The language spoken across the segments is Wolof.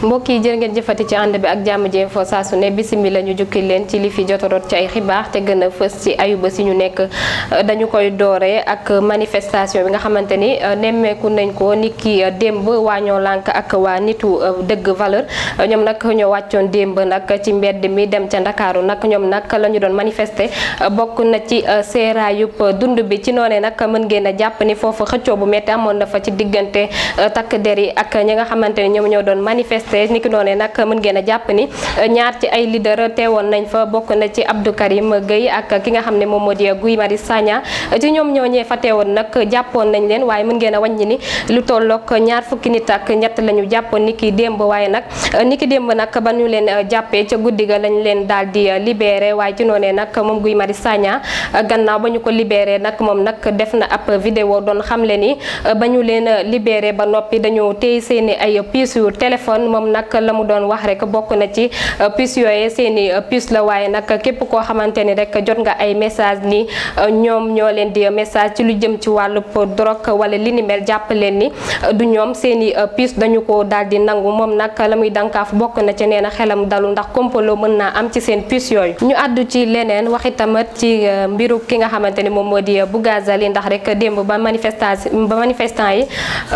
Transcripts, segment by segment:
mbokk yi jërë ngeen jëfati ci ànd bi ak jàmm ji info saa su ne bisimilah ñu jukki leen ci li fi jot a ci ay xibaax te gën a fës ci ayuba si ñu nekk dañu koy dooree ak manifestation bi nga xamante ni euh, nemmeeku nañ ko nit ki euh, démb waa ñoo lànk ak waa nitu euh, dëgg valeur ñoom nag ñoo wàccoon démb nag ci mbedd mi dem ca ndakaaru nag ñoom nag la ñu doon manifester bokk na ci seeraayub dund bi ci noonee nag mën ngeen a jàpp ni foofu xëccoo bu metti amoon na fa ci diggante takk der yi ak ñi nga xamante ñoom ñoo doon manifester te niki noonee nag mën ngeen a jàpp ni euh, ñaar ci ay leader teewoon nañ fa bokk na ci Abdou Karim Gueye ak ki nga xam ne moom moo di Guy Marius Sagna ci ñoom ñooñee fa teewoon nag jàppoon nañ leen waaye mën ngeen a ni lu tollook ñaar fukki nit ak ñett la ñu jàpp niki démb waaye nag euh, niki démb nag ba ñu leen euh, jàppee ca guddi ga lañ leen daal di libéré waaye ci noonee nag moom Guy mari Sagna gannaaw ba ñu ko libéré nag moom nag def na ab vidéo doon xamle ni ba ñu leen libéré ba noppi dañu téye seeni ay pièces yu moom nag la mu doon wax rek bokk na ci euh, puce euh, ni rek jot nga ay message ni euh, ñoom ñoo leen di message ci lu jëm ci wàllu drogue wala li ni mel jàpp leen ni du ñoom seeni puce dañu ko daal di nangu moom nag la muy dànkaaf bokk na ci nee na xelam dalu ndax kompolo mën naa am ci seen puce yooyu ñu àddu ci leneen wax itamit ci mbiru ki nga xamante ni moom moo di Bougazali ndax rek démb ba manifestation ba manifestant yi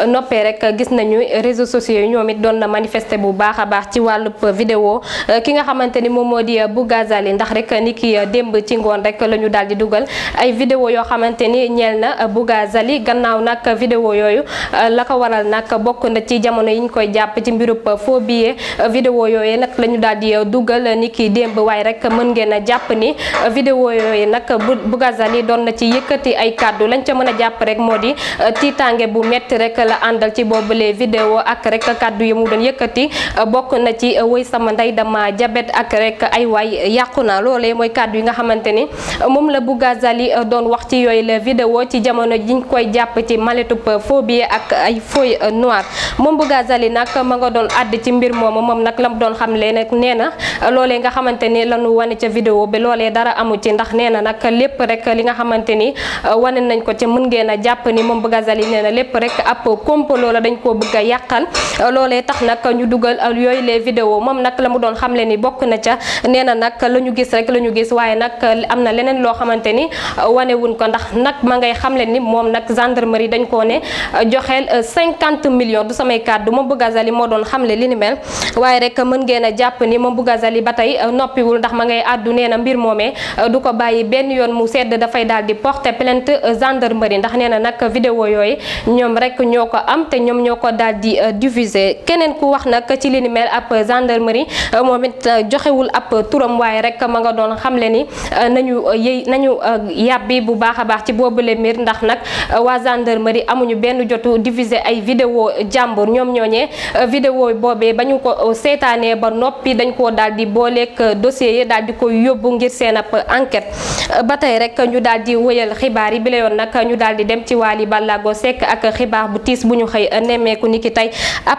noppee rek gis nañu réseaux sociaux yi ñoom it doon na manifester contesté bu baax a baax ci wàllub vidéo euh, ki nga xamante ni moom moo di euh, Bougazali ndax rek euh, ni ki démb ci ngoon rek la ñu daal di dugal ay vidéo yoo xamante ni ñeel na Bougazali gannaaw nag vidéo yooyu la ko waral nag bokk na ci jamono yi koy jàpp ci mbirub faux billet vidéo yooyu nag la daal di dugal ni ki démb waaye rek mën ngeen a jàpp ni vidéo yooyu nag Bougazali doon na ci yëkkati ay kàddu lañ ca mën a jàpp rek moo di tiitaange bu metti rek la àndal ci boobu les vidéo ak rek kàddu yi mu doon yëkkati bi euh, bokk na ci euh, woy sama ndey dama jabet ak rekk ay waay yàqu na loolee mooy kàddu yi nga xamante ni euh, moom la Bougazali doon wax ci yooyu la vidéo ci jamono jiñ koy jàpp ci maletup phobie ak ay feuille noire moom Bougazali nag ma nga doon àdd ci mbir moomu moom nag la mu doon xam lee nag nee na loolee nga xamante ni lañu wane ca vidéo bi loolee dara amu ci ndax nee na nag lépp rek li nga xamante ni wane nañ ko ci mën ngeen a jàpp ni moom Bougazali nee na lépp rek ab complot la dañ koo bëgg a yàqal loolee tax nag ñu dugal yooyu les la mu doon xamle ni bokk na ca nee na nag la ñu gis rek la ñu gis waaye nag am na leneen loo xamante ni euh, wanewuñ ko ndax nag ma ngay xamle ni moom nag gendarmerie dañ koo ne euh, joxeel 50 euh, millions du samay kàddu moom Bougazali moo doon xamle li ni mel waaye rek mën ngeen jàpp ni ma moom Bougazali ba tey noppiwul ndax ma ngay àddu nee na mbir moomee du ko bàyyi benn yoon mu sedd dafay daal di porter plainte gendarmerie ndax nee na nag vidéo yooyu ñoom rek ñoo ko am te ñoom ñoo ko daal di diffuser keneen ku wax nag ci li ni mel ab gendarmerie euh, moom it euh, joxewul ab turam waaye rek ma nga doon xamle ni euh, nañu yëy nañu yàbbi bu baax a baax ci boobule mbir ndax nag waa gendarmerie amuñu benn jotu diffuser ay vidéo jàmbur ñoom ñooñee vidéo boobee ba ñu ko seetaane ba noppi dañ koo daal di booleeg dossier yi daal di koy yóbbu ngir seen ab enquête ba tey rek ñu daal di wëyal xibaar yi bi yoon nag ñu daal di dem ci wàll yi Ballago Seck ak xibaar bu tiis bu ñu xëy nemmeeku niki tey ab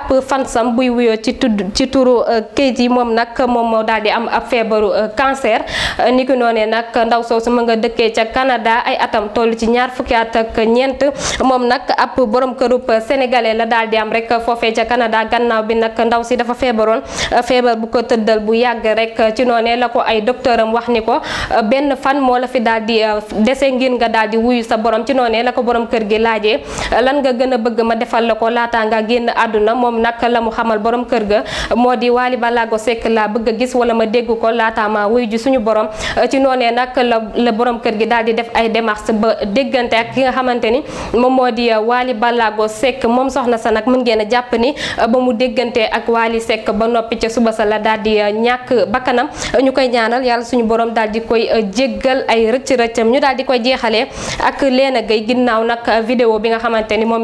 wuyoo ci tudd ci turu euh, kayit yi moom nag moom moo daal di am ab feebaru euh, cancer euh, ni ki noonee nag ndaw soosu ma nga dëkkee ca Canada ay atam toll ci ñaar fukki at ak ñeent moom nag ab borom kërub sénégalais la daal di am rek foofee ca Canada gannaaw bi nag ndaw si dafa feebaroon feebar bu ko tëddal bu yàgg rek ci noonee la ko ay docteur am wax ni ko benn fan moo la fi daal di dese ngir nga daal di wuyu sa borom ci noonee la ko borom kër gi laajee lan nga gën bëgg ma defal la ko laataa xamal borom borom kër ga moo di Waly Balago Seck laa bëgg a gis wala ma dégg ko laata ma wuyu ji suñu borom ci noonee nag la la borom kër gi daal di def ay démarches ba déggante ak ki nga xamante ni moom moo di euh, Waly Balago sekk moom soxna sa nag mën ngeen a jàpp ni euh, ba mu déggante ak Waly sekk ba noppi ca suba sa la daal di euh, ñàkk bakkanam ñu koy ñaanal yàlla suñu borom daal di koy jéggal ay rëcc rëccam ñu daal di koy jeexale ak Leena Gueye ginnaaw nag vidéo bi nga xamante ni moom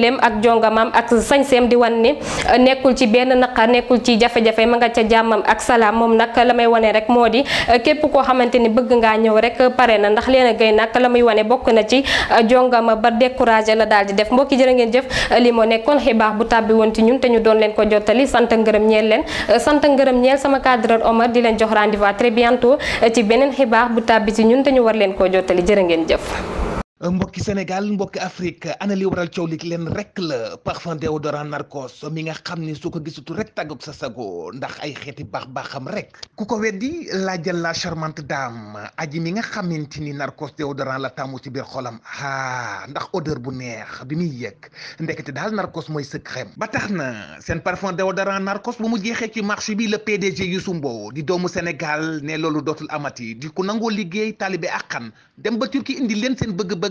njëlleem ak jongamaam ak sañseem di wan ni euh, nekkul ci benn naqar nekkul ci jafe-jafe ma nga ca jàmmam ak salaam moom nag la may wane rek moo di euh, képp koo xamante ni bëgg ngaa ñëw rek euh, pare na ndax leen a gay nag la muy wane bokk na ci jongama ba découragé la daal di def mbokki jërë ngeen jëf li moo nekkoon xibaar bu tàbbi woon ci ñun te ñu doon leen ko jottali sant ngërëm ñeel leen sant ngërëm ñeel sama cadreur Omar di leen jox rendez-vous ci beneen xibaar bu tàbbi ci ñun te war leen ko jottali jërë ngeen jëf mbokki Sénégal mbokki Afrique ana li waral coow li leen rek la parfum déodorant Narcos mi nga xam ni su ko gisutu rek tàggoog sa sago ndax ay xeeti baax baaxam rek ku ko weddi laajal la charmante dame aji mi nga xamante ni Narcos déodorant la tàmmu ci biir xolam ah ndax odeur bu neex bi muy yëg ndekete daal Narcos mooy secret ba tax na seen parfum déodorant Narcos bu mu jeexee ci marché bi le PDG Youssou Mbow di doomu Sénégal ne loolu dootul amati di ku nangoo liggéey taalibe akkan dem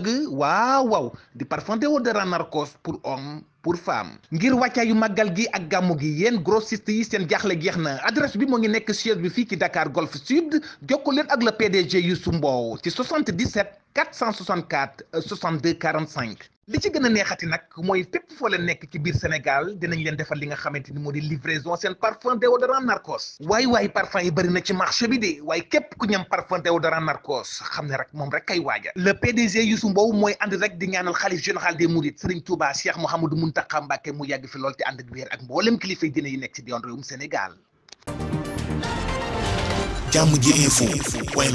bëgg waaw waaw di parfum déodorant Narcos pour homme pour femme ngir wàccaa yu màggal gi ak gàmmu gi yéen grossiste yi seen jaaxle jeex na adresse bi moo ngi nekk siège bi fii ci Dakar Golf Sud jokkoo leen ak le PDG Youssou Mbow ci 77 464 62 45 li ci gën neexati nag mooy fépp foo leen nekk ci biir Sénégal dinañ leen defal li nga xamante ni moo di livraison seen parfum déodorant narcos waay waay parfum yi bëri na ci marché bi de waaye képp ku ñam parfum déodorant narcos xam ne rek moom rek ay waaja le PDG Youssou Mbow mooy ànd rek di ñaanal xalif général des Mourides Serigne Touba Cheikh Mouhamadou Mountakha Mbacké mu yàgg fi lool te ànd ak wéer ak mboolem kilifa yi dina yi nekk ci diwaan réewum Sénégal. jàmm ji info point